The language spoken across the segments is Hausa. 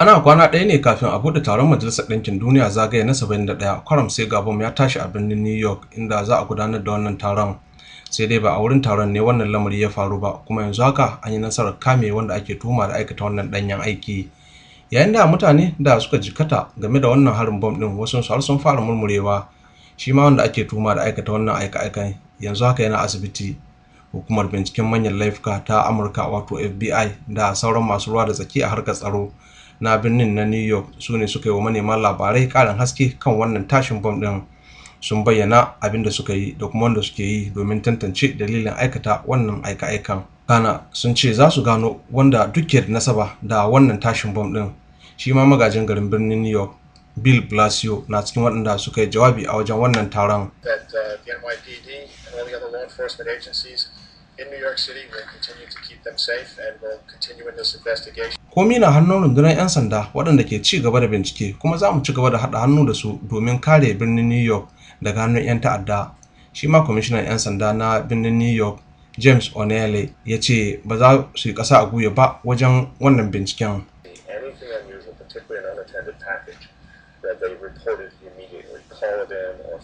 ana kwana ɗaya ne kafin a buɗe taron majalisar ɗinkin duniya zagaye na da ɗaya, kwaram sai gabon ya tashi a birnin new york inda za a gudanar da wannan taron sai dai ba a wurin taron ne wannan lamari ya faru ba kuma yanzu haka an yi nasarar kame wanda ake tuhuma da aikata wannan ɗanyen aiki yayin da mutane da suka jikata game da wannan harin bom ɗin wasu har sun fara murmurewa shi ma wanda ake tuhuma da aikata wannan aika-aikan yanzu haka yana asibiti hukumar binciken manyan laifuka ta amurka wato fbi da sauran masu ruwa da tsaki a harkar tsaro na birnin na new york su ne suka yi wa manema labarai karin haske kan wannan tashin bom ɗin, sun bayyana abin da suka yi da kuma wanda suke yi domin tantance dalilin aikata wannan aika-aikan kana sun ce za su gano wanda duke da nasaba da wannan tashin bom ɗin, shi ma magajin garin birnin new york bill blasio na cikin waɗanda suka yi jawabi a wajen wannan taron uh, in New York City continue to keep them safe and continue in this investigation. komi na hannun rundunar 'yan sanda waɗanda ke ci gaba da bincike kuma za mu ci gaba da haɗa hannu da su domin kare birnin new york daga hannun 'yan ta'adda shi ma kwamishinan 'yan sanda na birnin new york james o'neil ya ce ba za su yi ƙasa a guya ba wajen wannan binciken call it uh,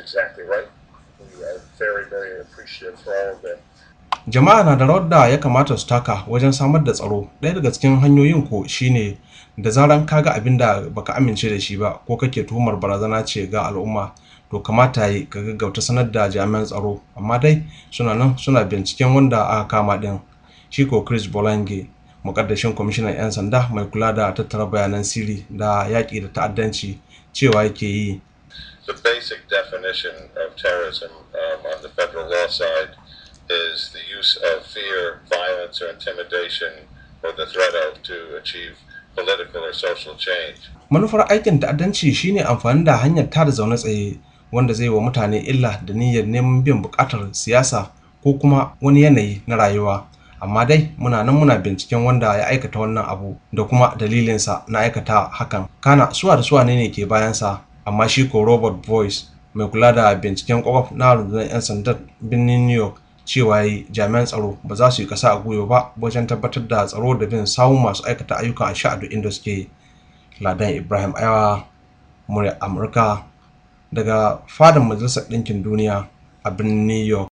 exactly right. We are very, very appreciative for all of the jama'a na da rawar da ya kamata su taka wajen samar da tsaro ɗaya daga cikin hanyoyin ko shine da zaran ka ga abin da baka amince da shi ba ko kake tuhumar barazana ce ga al'umma to kamata yi ka gaggauta sanar da jami'an tsaro amma dai suna nan suna binciken wanda aka kama ɗin shi ko chris bolange mukaddashin kwamishinan 'yan sanda mai kula da tattara bayanan sirri da yaƙi da ta'addanci cewa yake yi the basic definition of terrorism um, on the federal law side is the use of fear, violence, or intimidation or the threat of to achieve political or social change. Manufar aikin ta'addanci shine amfani da hanyar tada zaune tsaye wanda zai wa mutane illa da niyyar neman biyan bukatar siyasa ko kuma wani yanayi na rayuwa. Amma dai muna nan muna binciken wanda ya aikata wannan abu da kuma dalilinsa na aikata hakan. Kana suwa da suwa ne ke bayansa, amma shi ko Robert Boyce mai kula da binciken kwakwaf na rundunar 'yan sandan birnin New York cewa jami'an tsaro ba za su yi kasa a gwiwa ba wajen tabbatar da tsaro da bin samun masu aikata ayyukan a sha'adu inda suke ladan ibrahim ayawa murya amurka daga fadar majalisar ɗinkin duniya a birnin new york